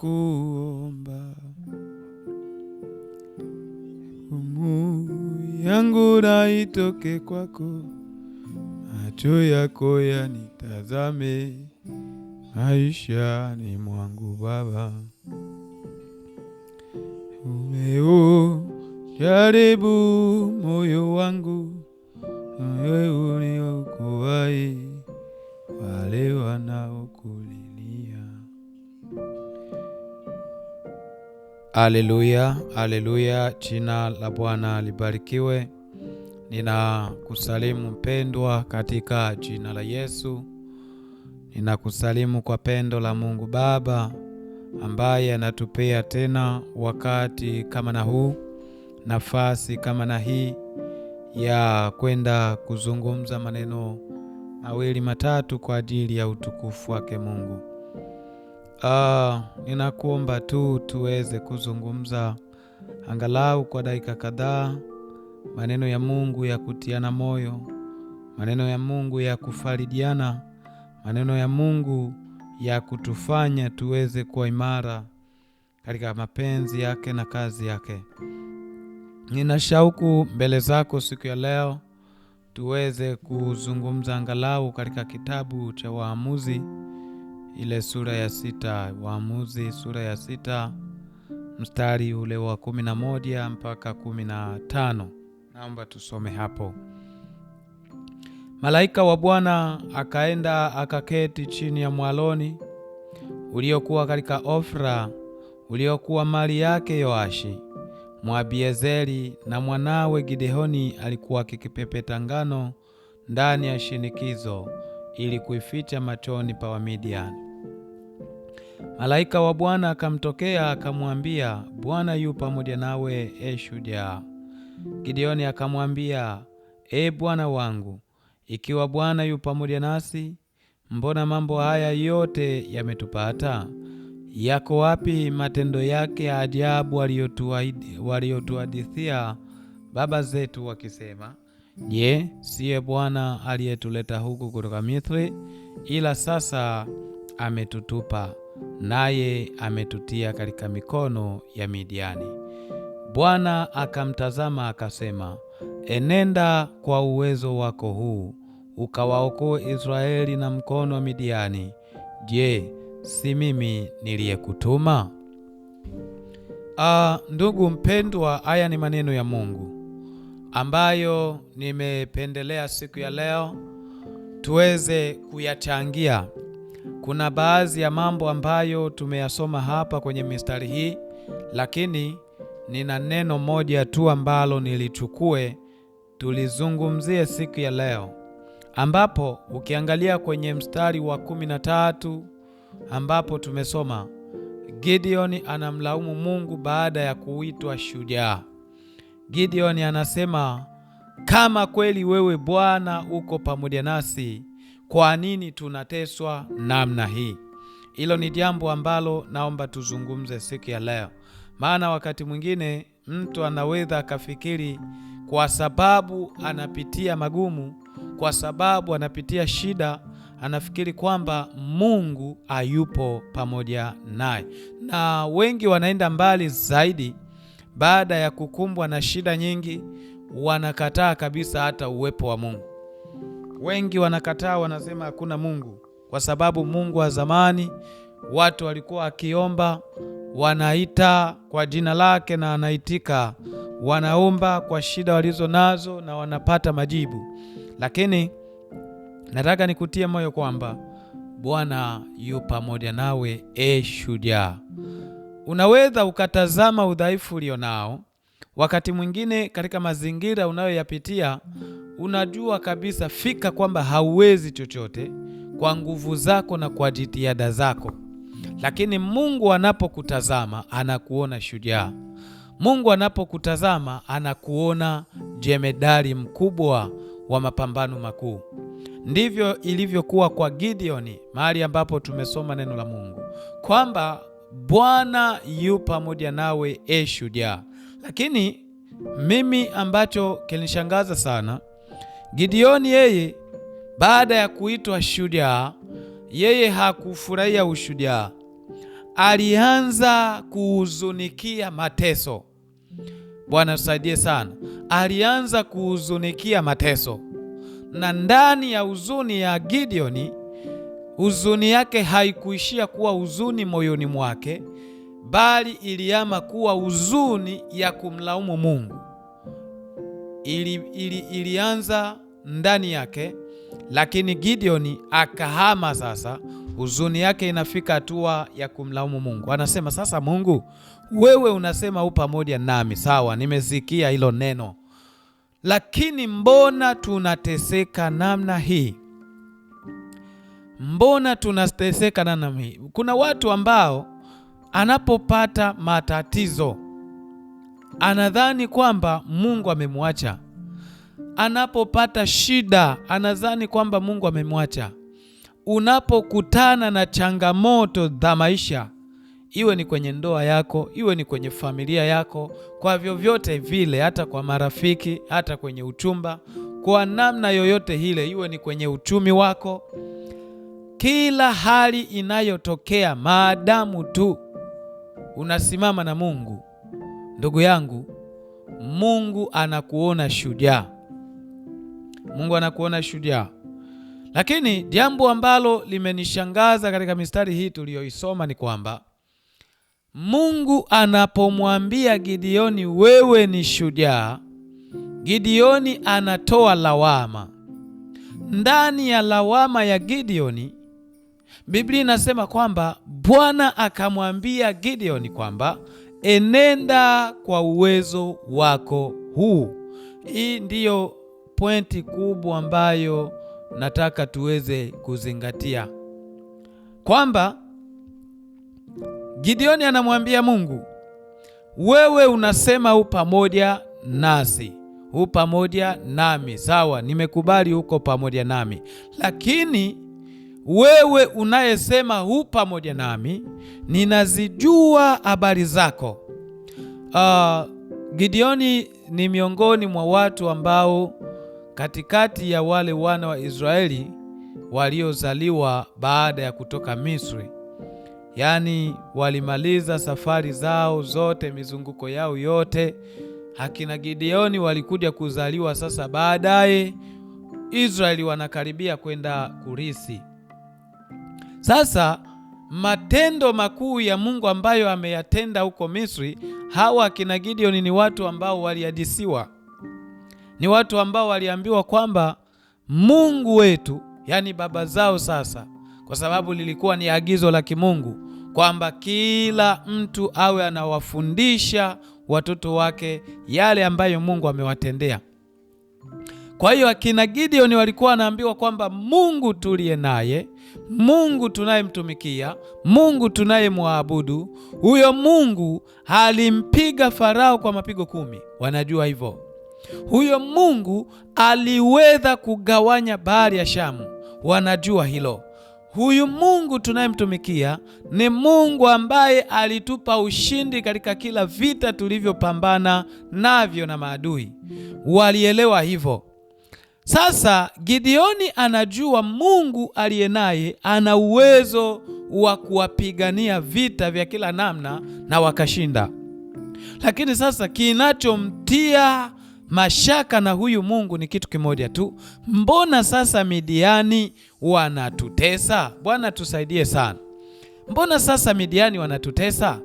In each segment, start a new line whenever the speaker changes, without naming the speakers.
kuomba umu yangu itoke kwako, macho yako yanitazame maisha ni mwangu Baba, umeu jaribu moyo wangu, wewe uniokoaye wale wanao
Aleluya, aleluya, jina la Bwana libarikiwe. Ninakusalimu mpendwa katika jina la Yesu. Ninakusalimu kwa pendo la Mungu Baba ambaye anatupea tena wakati kama na huu, nafasi kama na hii ya kwenda kuzungumza maneno mawili matatu kwa ajili ya utukufu wake Mungu. Uh, ninakuomba tu tuweze kuzungumza angalau kwa dakika kadhaa maneno ya Mungu ya kutiana moyo, maneno ya Mungu ya kufaridiana maneno ya Mungu ya kutufanya tuweze kuwa imara katika mapenzi yake na kazi yake. Nina shauku mbele zako siku ya leo tuweze kuzungumza angalau katika kitabu cha Waamuzi ile sura ya sita, Waamuzi sura ya sita mstari ule wa kumi na moja mpaka kumi na tano. Naomba tusome hapo. Malaika wa Bwana akaenda akaketi chini ya mwaloni uliokuwa katika Ofra, uliokuwa mali yake Yoashi Mwabiezeri, na mwanawe Gidehoni alikuwa akikipepeta ngano ndani ya shinikizo ili kuificha machoni pa Wamidiani. Malaika wa Bwana akamtokea akamwambia, Bwana yu pamoja nawe, e shujaa. Gideoni akamwambia, e Bwana wangu, ikiwa Bwana yu pamoja nasi, mbona mambo haya yote yametupata? Yako wapi matendo yake ya ajabu aliyotuhadithia baba zetu wakisema, Je, siye Bwana aliyetuleta huku kutoka Misri? Ila sasa ametutupa naye ametutia katika mikono ya Midiani. Bwana akamtazama akasema, enenda kwa uwezo wako huu ukawaokoe Israeli na mkono wa Midiani. Je, si mimi niliyekutuma? Ah, ndugu mpendwa, haya ni maneno ya Mungu ambayo nimependelea siku ya leo tuweze kuyachangia kuna baadhi ya mambo ambayo tumeyasoma hapa kwenye mistari hii, lakini nina neno moja tu ambalo nilichukue tulizungumzie siku ya leo, ambapo ukiangalia kwenye mstari wa kumi na tatu ambapo tumesoma Gideoni anamlaumu Mungu baada ya kuitwa shujaa. Gideoni anasema, kama kweli wewe Bwana uko pamoja nasi kwa nini tunateswa namna hii? Hilo ni jambo ambalo naomba tuzungumze siku ya leo, maana wakati mwingine mtu anaweza akafikiri kwa sababu anapitia magumu, kwa sababu anapitia shida, anafikiri kwamba Mungu hayupo pamoja naye, na wengi wanaenda mbali zaidi. Baada ya kukumbwa na shida nyingi, wanakataa kabisa hata uwepo wa Mungu. Wengi wanakataa, wanasema hakuna Mungu kwa sababu Mungu wa zamani watu walikuwa akiomba, wanaita kwa jina lake na anaitika, wanaomba kwa shida walizo nazo na wanapata majibu. Lakini nataka nikutie moyo kwamba Bwana yu pamoja nawe, e shujaa. Unaweza ukatazama udhaifu ulio nao Wakati mwingine katika mazingira unayoyapitia unajua kabisa fika kwamba hauwezi chochote kwa nguvu zako na kwa jitihada zako, lakini Mungu anapokutazama anakuona shujaa. Mungu anapokutazama anakuona jemedari mkubwa wa mapambano makuu. Ndivyo ilivyokuwa kwa Gideoni, mahali ambapo tumesoma neno la Mungu kwamba Bwana yu pamoja nawe, e shujaa. Lakini mimi ambacho kilinishangaza sana, Gideoni yeye baada ya kuitwa shujaa, yeye hakufurahia ushujaa, alianza kuhuzunikia mateso. Bwana tusaidie sana. Alianza kuhuzunikia mateso, na ndani ya huzuni ya Gideoni, huzuni yake haikuishia kuwa huzuni moyoni mwake bali iliama kuwa huzuni ya kumlaumu Mungu. Ili, ili, ilianza ndani yake, lakini Gideoni akahama sasa. Huzuni yake inafika hatua ya kumlaumu Mungu, anasema sasa, Mungu wewe unasema u pamoja nami, sawa, nimesikia hilo neno, lakini mbona tunateseka namna hii? Mbona tunateseka namna hii? Kuna watu ambao anapopata matatizo anadhani kwamba Mungu amemwacha. Anapopata shida anadhani kwamba Mungu amemwacha. Unapokutana na changamoto za maisha, iwe ni kwenye ndoa yako, iwe ni kwenye familia yako, kwa vyovyote vile, hata kwa marafiki, hata kwenye uchumba, kwa namna yoyote ile, iwe ni kwenye uchumi wako, kila hali inayotokea maadamu tu unasimama na Mungu, ndugu yangu, Mungu anakuona shujaa. Mungu anakuona shujaa. Lakini jambo ambalo limenishangaza katika mistari hii tuliyoisoma ni kwamba Mungu anapomwambia Gideoni, wewe ni shujaa, Gideoni anatoa lawama. Ndani ya lawama ya Gideoni Biblia inasema kwamba Bwana akamwambia Gideoni kwamba enenda kwa uwezo wako huu. Hii ndiyo pointi kubwa ambayo nataka tuweze kuzingatia kwamba Gideoni anamwambia Mungu, wewe unasema u pamoja nasi, u pamoja nami. Sawa, nimekubali uko pamoja nami, lakini wewe unayesema hu pamoja nami, ninazijua habari zako. Uh, Gideoni ni miongoni mwa watu ambao katikati ya wale wana wa Israeli waliozaliwa baada ya kutoka Misri, yaani walimaliza safari zao zote, mizunguko yao yote. Akina Gideoni walikuja kuzaliwa sasa baadaye, Israeli wanakaribia kwenda kurisi sasa matendo makuu ya Mungu ambayo ameyatenda huko Misri, hawa akina Gideoni ni watu ambao walihadisiwa, ni watu ambao waliambiwa kwamba Mungu wetu, yaani baba zao sasa, kwa sababu lilikuwa ni agizo la kimungu kwamba kila mtu awe anawafundisha watoto wake yale ambayo Mungu amewatendea. Kwa hiyo akina Gideoni walikuwa wanaambiwa kwamba Mungu tuliye naye Mungu tunayemtumikia, Mungu tunayemwabudu, huyo Mungu alimpiga Farao kwa mapigo kumi. Wanajua hivyo. Huyo Mungu aliweza kugawanya bahari ya Shamu. Wanajua hilo. Huyu Mungu tunayemtumikia ni Mungu ambaye alitupa ushindi katika kila vita tulivyopambana navyo na maadui. Walielewa hivyo. Sasa Gideoni anajua Mungu aliye naye ana uwezo wa kuwapigania vita vya kila namna na wakashinda. Lakini sasa kinachomtia mashaka na huyu Mungu ni kitu kimoja tu, mbona sasa Midiani wanatutesa? Bwana tusaidie sana. Mbona sasa Midiani wanatutesa?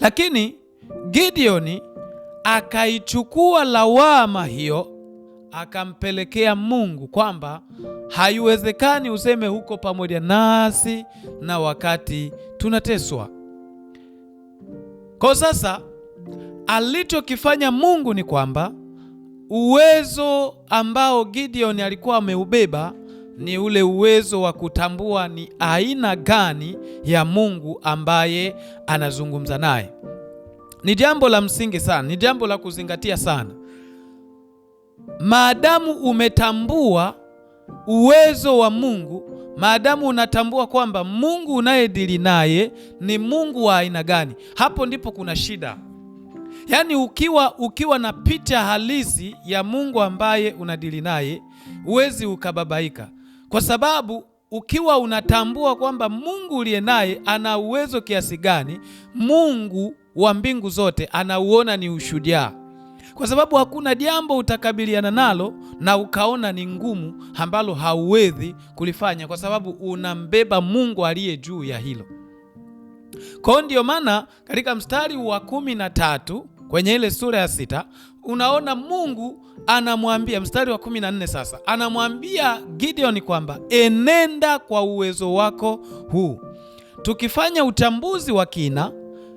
Lakini Gideoni akaichukua lawama hiyo akampelekea Mungu kwamba haiwezekani useme huko pamoja nasi na wakati tunateswa. Kwa sasa alichokifanya Mungu ni kwamba uwezo ambao Gideon alikuwa ameubeba ni ule uwezo wa kutambua ni aina gani ya Mungu ambaye anazungumza naye. Ni jambo la msingi sana, ni jambo la kuzingatia sana maadamu umetambua uwezo wa Mungu, maadamu unatambua kwamba Mungu unayedili naye ni Mungu wa aina gani, hapo ndipo kuna shida. Yaani ukiwa, ukiwa na picha halisi ya Mungu ambaye unadili naye huwezi ukababaika, kwa sababu ukiwa unatambua kwamba Mungu uliye naye ana uwezo kiasi gani, Mungu wa mbingu zote anauona ni ushujaa kwa sababu hakuna jambo utakabiliana nalo na ukaona ni ngumu ambalo hauwezi kulifanya, kwa sababu unambeba Mungu aliye juu ya hilo. Kwa hiyo ndiyo maana katika mstari wa kumi na tatu kwenye ile sura ya sita unaona Mungu anamwambia, mstari wa kumi na nne sasa anamwambia Gideoni kwamba enenda kwa uwezo wako huu. Tukifanya utambuzi wa kina,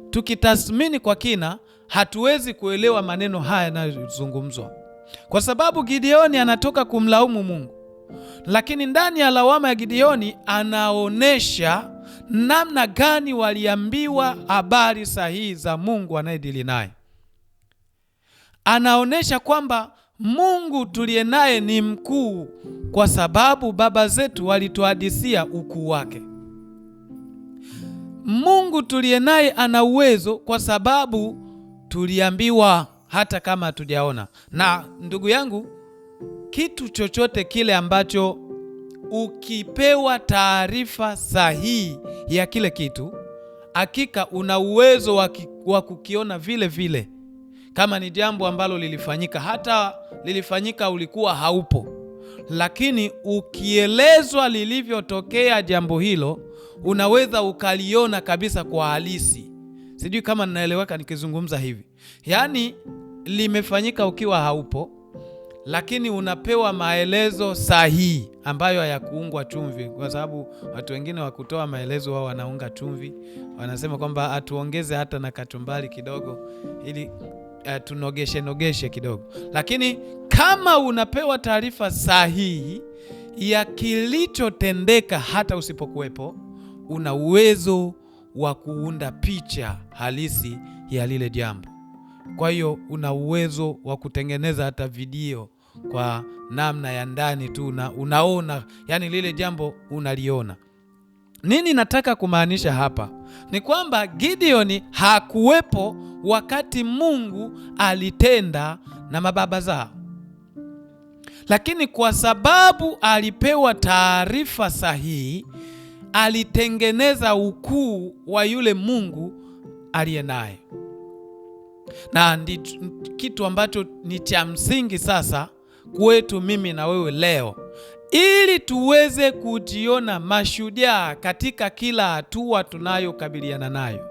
tukitathmini kwa kina hatuwezi kuelewa maneno haya yanayozungumzwa, kwa sababu Gideoni anatoka kumlaumu Mungu, lakini ndani ya lawama ya Gideoni anaonyesha namna gani waliambiwa habari sahihi za Mungu anayedili naye. Anaonyesha kwamba Mungu tuliye naye ni mkuu, kwa sababu baba zetu walituhadisia ukuu wake. Mungu tuliye naye ana uwezo, kwa sababu tuliambiwa hata kama hatujaona. Na ndugu yangu, kitu chochote kile ambacho ukipewa taarifa sahihi ya kile kitu, hakika una uwezo wa kukiona vile vile, kama ni jambo ambalo lilifanyika, hata lilifanyika ulikuwa haupo, lakini ukielezwa lilivyotokea jambo hilo, unaweza ukaliona kabisa kwa halisi. Sijui kama ninaeleweka nikizungumza hivi, yaani limefanyika ukiwa haupo, lakini unapewa maelezo sahihi ambayo hayakuungwa chumvi, kwa sababu watu wengine wakutoa maelezo wao wanaunga chumvi, wanasema kwamba atuongeze hata na kachumbali kidogo ili Uh, tunogeshe nogeshe kidogo, lakini kama unapewa taarifa sahihi ya kilichotendeka hata usipokuwepo, una uwezo wa kuunda picha halisi ya lile jambo. Kwa hiyo una uwezo wa kutengeneza hata video kwa namna ya ndani tu, na unaona, yani lile jambo unaliona. Nini nataka kumaanisha hapa ni kwamba Gideoni hakuwepo wakati Mungu alitenda na mababa zao, lakini kwa sababu alipewa taarifa sahihi alitengeneza ukuu wa yule Mungu aliye naye, na ndi kitu ambacho ni cha msingi sasa kwetu mimi na wewe leo, ili tuweze kujiona mashujaa katika kila hatua tunayokabiliana nayo.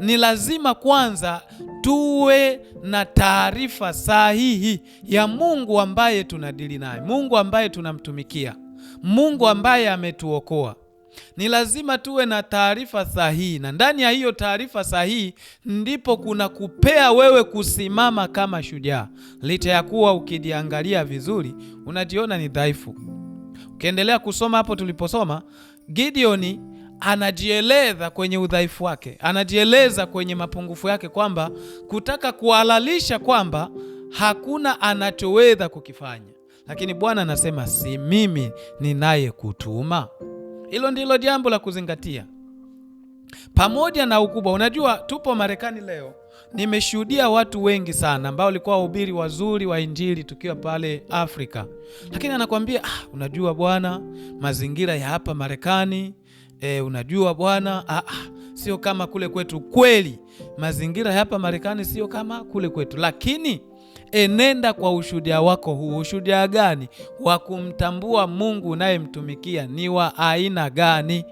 Ni lazima kwanza tuwe na taarifa sahihi ya Mungu ambaye tunadili naye, Mungu ambaye tunamtumikia, Mungu ambaye ametuokoa ni lazima tuwe na taarifa sahihi, na ndani ya hiyo taarifa sahihi ndipo kuna kupea wewe kusimama kama shujaa, licha ya kuwa ukijiangalia vizuri unajiona ni dhaifu. Ukiendelea kusoma hapo tuliposoma, Gideoni anajieleza kwenye udhaifu wake, anajieleza kwenye mapungufu yake, kwamba kutaka kuhalalisha kwamba hakuna anachoweza kukifanya, lakini Bwana anasema si mimi ninayekutuma. Hilo ndilo jambo la kuzingatia, pamoja na ukubwa. Unajua, tupo Marekani leo, nimeshuhudia watu wengi sana ambao walikuwa wahubiri wazuri wa Injili tukiwa pale Afrika, lakini anakuambia ah, unajua bwana, mazingira ya hapa Marekani eh, unajua bwana ah, ah, sio kama kule kwetu. Kweli mazingira ya hapa Marekani sio kama kule kwetu, lakini enenda kwa ushuhudia wako huu. Ushuhudia gani wa kumtambua Mungu unayemtumikia ni wa aina gani?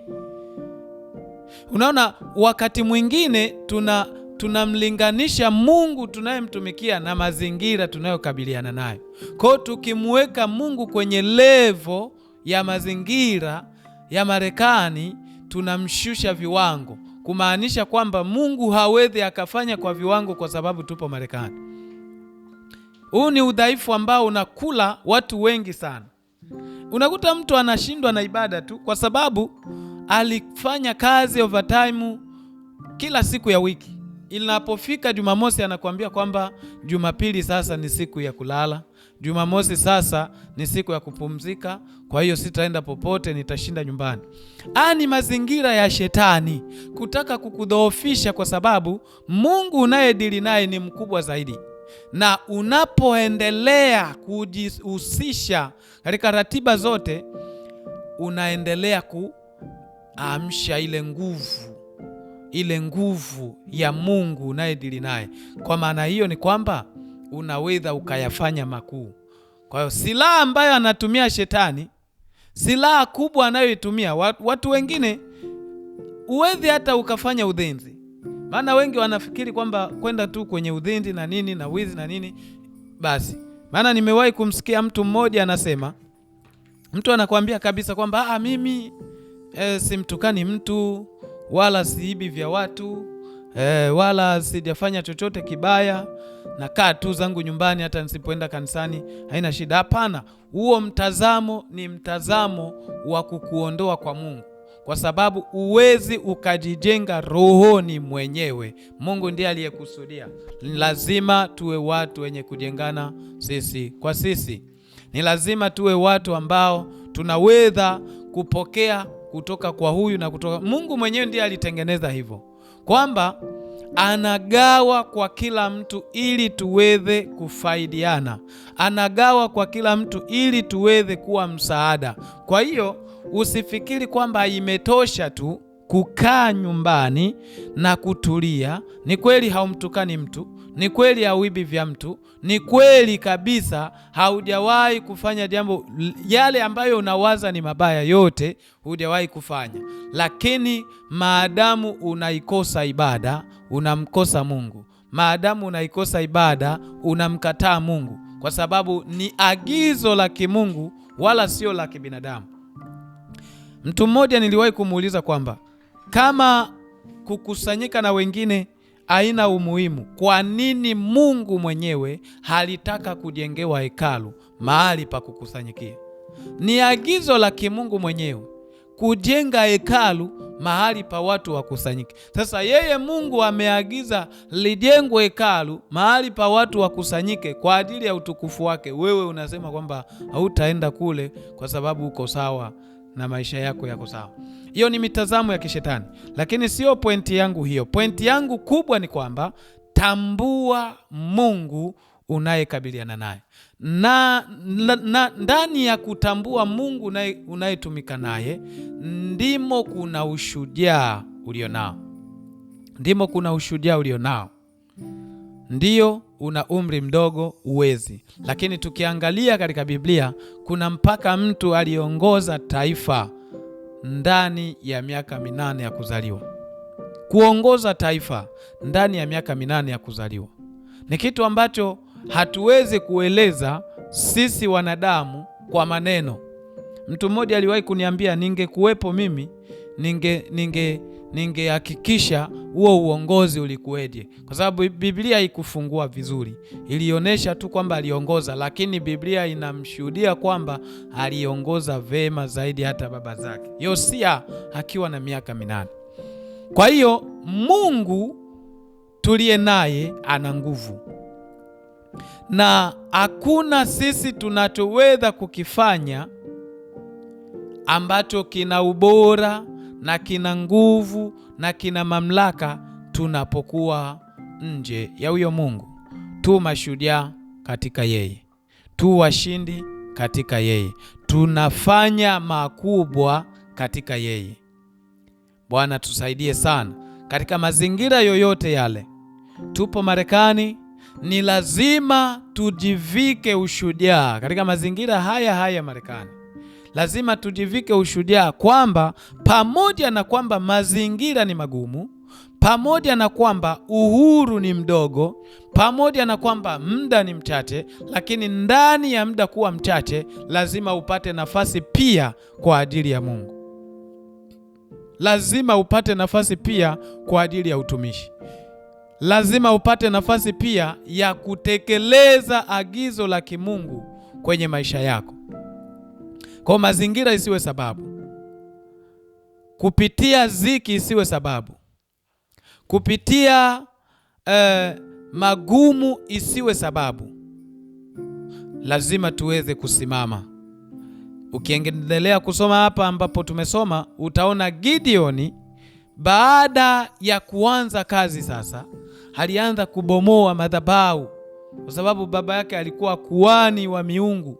Unaona, wakati mwingine tuna tunamlinganisha Mungu tunayemtumikia na mazingira tunayokabiliana nayo. Kwa hiyo tukimweka Mungu kwenye levo ya mazingira ya Marekani tunamshusha viwango, kumaanisha kwamba Mungu hawezi akafanya kwa viwango kwa sababu tupo Marekani. Huu ni udhaifu ambao unakula watu wengi sana. Unakuta mtu anashindwa na ibada tu kwa sababu alifanya kazi overtime kila siku ya wiki. Inapofika Jumamosi anakuambia kwamba Jumapili sasa ni siku ya kulala, Jumamosi sasa ni siku ya kupumzika, kwa hiyo sitaenda popote, nitashinda nyumbani. Haya ni mazingira ya shetani kutaka kukudhoofisha, kwa sababu Mungu unayedili naye ni mkubwa zaidi na unapoendelea kujihusisha katika ratiba zote, unaendelea kuamsha ile nguvu ile nguvu ya Mungu unayedili naye. Kwa maana hiyo ni kwamba unaweza ukayafanya makuu. Kwa hiyo silaha ambayo anatumia shetani, silaha kubwa anayoitumia watu wengine, huwezi hata ukafanya uzinzi maana wengi wanafikiri kwamba kwenda tu kwenye udhindi na nini na wizi na nini basi. Maana nimewahi kumsikia mtu mmoja anasema, mtu anakuambia kabisa kwamba ah, mimi e, simtukani mtu wala siibi vya watu e, wala sijafanya chochote kibaya, nakaa tu zangu nyumbani, hata nisipoenda kanisani haina shida. Hapana, huo mtazamo ni mtazamo wa kukuondoa kwa Mungu kwa sababu uwezi ukajijenga rohoni mwenyewe. Mungu ndiye aliyekusudia. Ni lazima tuwe watu wenye kujengana sisi kwa sisi. Ni lazima tuwe watu ambao tunaweza kupokea kutoka kwa huyu na kutoka. Mungu mwenyewe ndiye alitengeneza hivyo kwamba anagawa kwa kila mtu ili tuweze kufaidiana, anagawa kwa kila mtu ili tuweze kuwa msaada. Kwa hiyo Usifikiri kwamba imetosha tu kukaa nyumbani na kutulia. Ni kweli haumtukani mtu, ni kweli hauibi vya mtu, ni kweli kabisa haujawahi kufanya jambo yale ambayo unawaza ni mabaya, yote hujawahi kufanya. Lakini maadamu unaikosa ibada, unamkosa Mungu. Maadamu unaikosa ibada, unamkataa Mungu, kwa sababu ni agizo la kimungu wala sio la kibinadamu. Mtu mmoja niliwahi kumuuliza kwamba kama kukusanyika na wengine haina umuhimu, kwa nini Mungu mwenyewe halitaka kujengewa hekalu mahali pa kukusanyikia? Ni agizo la kimungu mwenyewe kujenga hekalu mahali pa watu wakusanyike. Sasa yeye Mungu ameagiza lijengwe hekalu mahali pa watu wakusanyike kwa ajili ya utukufu wake. Wewe unasema kwamba hautaenda kule kwa sababu uko sawa na maisha yako yako sawa. Hiyo ni mitazamo ya kishetani, lakini sio pointi yangu hiyo. Pointi yangu kubwa ni kwamba tambua Mungu unayekabiliana naye na, na, na ndani ya kutambua Mungu unayetumika naye ndimo kuna ushujaa ulionao ndimo kuna ushujaa ulionao Ndiyo, una umri mdogo, uwezi. Lakini tukiangalia katika Biblia kuna mpaka mtu aliongoza taifa ndani ya miaka minane ya kuzaliwa. Kuongoza taifa ndani ya miaka minane ya kuzaliwa ni kitu ambacho hatuwezi kueleza sisi wanadamu kwa maneno. Mtu mmoja aliwahi kuniambia, ningekuwepo mimi ninge, ninge ningehakikisha huo uongozi ulikuweje, kwa sababu Biblia ikufungua vizuri, ilionyesha tu kwamba aliongoza, lakini Biblia inamshuhudia kwamba aliongoza vema zaidi hata baba zake, Yosia akiwa na miaka minane. Kwa hiyo Mungu tuliye naye ana nguvu na hakuna sisi tunachoweza kukifanya ambacho kina ubora na kina nguvu na kina mamlaka tunapokuwa nje ya huyo Mungu. Tu mashujaa katika yeye, tu washindi katika yeye, tunafanya makubwa katika yeye. Bwana tusaidie sana katika mazingira yoyote yale. Tupo Marekani, ni lazima tujivike ushujaa katika mazingira haya haya Marekani lazima tujivike ushujaa kwamba pamoja na kwamba mazingira ni magumu, pamoja na kwamba uhuru ni mdogo, pamoja na kwamba muda ni mchache, lakini ndani ya muda kuwa mchache, lazima upate nafasi pia kwa ajili ya Mungu. Lazima upate nafasi pia kwa ajili ya utumishi. Lazima upate nafasi pia ya kutekeleza agizo la kimungu kwenye maisha yako. Kwa mazingira isiwe sababu, kupitia ziki isiwe sababu, kupitia eh, magumu isiwe sababu. Lazima tuweze kusimama. Ukiendelea kusoma hapa ambapo tumesoma, utaona Gideoni baada ya kuanza kazi sasa, alianza kubomoa madhabahu, kwa sababu baba yake alikuwa kuhani wa miungu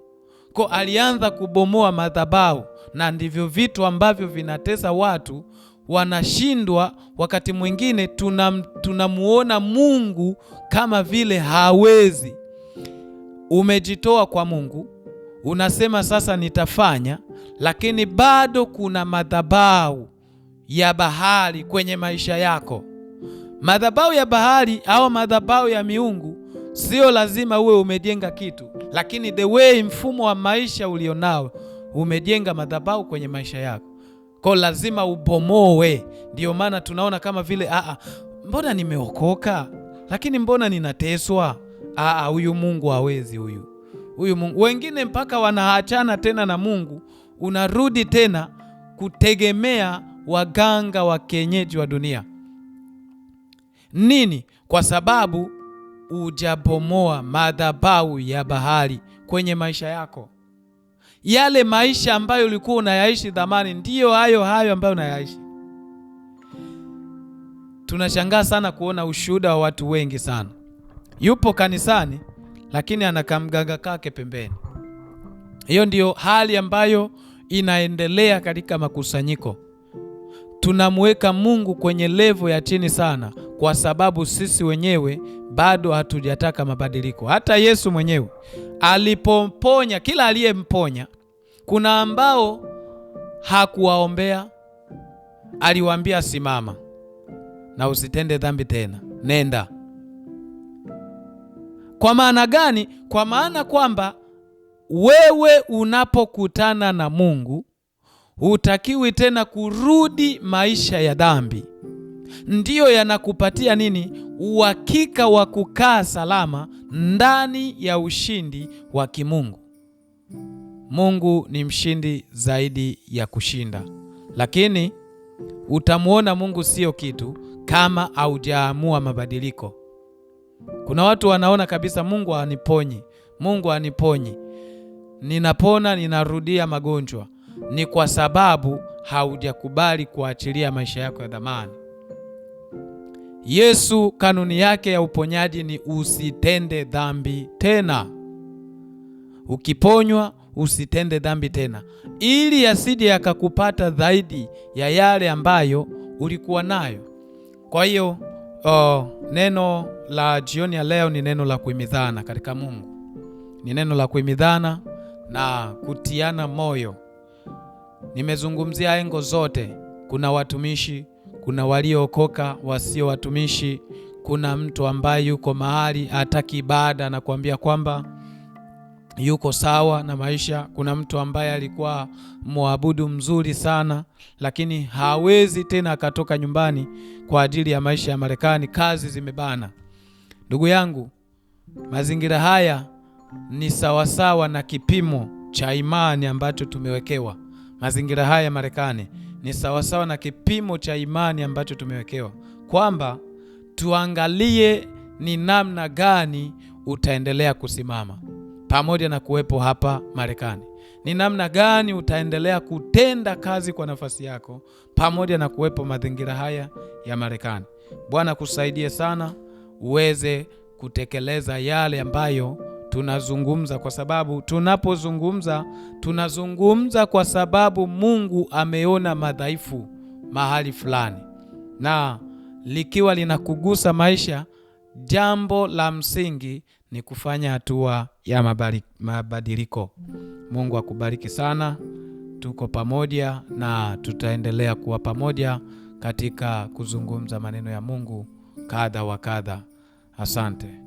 ko alianza kubomoa madhabahu, na ndivyo vitu ambavyo vinatesa watu wanashindwa. Wakati mwingine tunamuona Mungu kama vile hawezi. Umejitoa kwa Mungu, unasema sasa nitafanya, lakini bado kuna madhabahu ya bahari kwenye maisha yako, madhabahu ya bahari au madhabahu ya miungu Sio lazima uwe umejenga kitu, lakini the way mfumo wa maisha ulionao umejenga madhabahu kwenye maisha yako, kwa lazima ubomoe. Ndio maana tunaona kama vile aa, ah, ah, mbona nimeokoka lakini mbona ninateswa? Aa, ah, huyu Mungu hawezi huyu, huyu Mungu. Wengine mpaka wanaachana tena na Mungu, unarudi tena kutegemea waganga wa kienyeji wa dunia. Nini? Kwa sababu ujabomoa madhabahu ya bahari kwenye maisha yako. Yale maisha ambayo ulikuwa unayaishi dhamani, ndiyo hayo hayo ambayo unayaishi. Tunashangaa sana kuona ushuhuda wa watu wengi sana, yupo kanisani lakini anakamganga kake pembeni. Hiyo ndiyo hali ambayo inaendelea katika makusanyiko tunamweka Mungu kwenye levo ya chini sana, kwa sababu sisi wenyewe bado hatujataka mabadiliko. Hata Yesu mwenyewe alipoponya kila aliyemponya, kuna ambao hakuwaombea, aliwaambia simama na usitende dhambi tena, nenda. Kwa maana gani? Kwa maana kwamba wewe unapokutana na Mungu hutakiwi tena kurudi maisha ya dhambi. Ndiyo yanakupatia nini? Uhakika wa kukaa salama ndani ya ushindi wa kimungu. Mungu ni mshindi zaidi ya kushinda, lakini utamwona Mungu sio kitu kama haujaamua mabadiliko. Kuna watu wanaona kabisa, Mungu aniponyi, Mungu aniponyi, ninapona, ninarudia magonjwa ni kwa sababu haujakubali kuachilia maisha yako ya dhamani. Yesu kanuni yake ya uponyaji ni usitende dhambi tena. Ukiponywa usitende dhambi tena, ili yasije yakakupata zaidi ya yale ambayo ulikuwa nayo. Kwa hiyo oh, neno la jioni ya leo ni neno la kuhimizana katika Mungu, ni neno la kuimidhana na kutiana moyo Nimezungumzia engo zote. Kuna watumishi, kuna waliookoka, wasio watumishi, kuna mtu ambaye yuko mahali hataki ibada na kuambia kwamba yuko sawa na maisha. Kuna mtu ambaye alikuwa mwabudu mzuri sana, lakini hawezi tena akatoka nyumbani kwa ajili ya maisha ya Marekani, kazi zimebana. Ndugu yangu, mazingira haya ni sawasawa na kipimo cha imani ambacho tumewekewa. Mazingira haya ya Marekani ni sawasawa na kipimo cha imani ambacho tumewekewa kwamba tuangalie ni namna gani utaendelea kusimama pamoja na kuwepo hapa Marekani, ni namna gani utaendelea kutenda kazi kwa nafasi yako pamoja na kuwepo mazingira haya ya Marekani. Bwana kusaidie sana uweze kutekeleza yale ambayo tunazungumza kwa sababu, tunapozungumza tunazungumza kwa sababu Mungu ameona madhaifu mahali fulani, na likiwa linakugusa maisha, jambo la msingi ni kufanya hatua ya mabadiliko. Mungu akubariki sana. Tuko pamoja na tutaendelea kuwa pamoja katika kuzungumza maneno ya Mungu kadha wa kadha. Asante.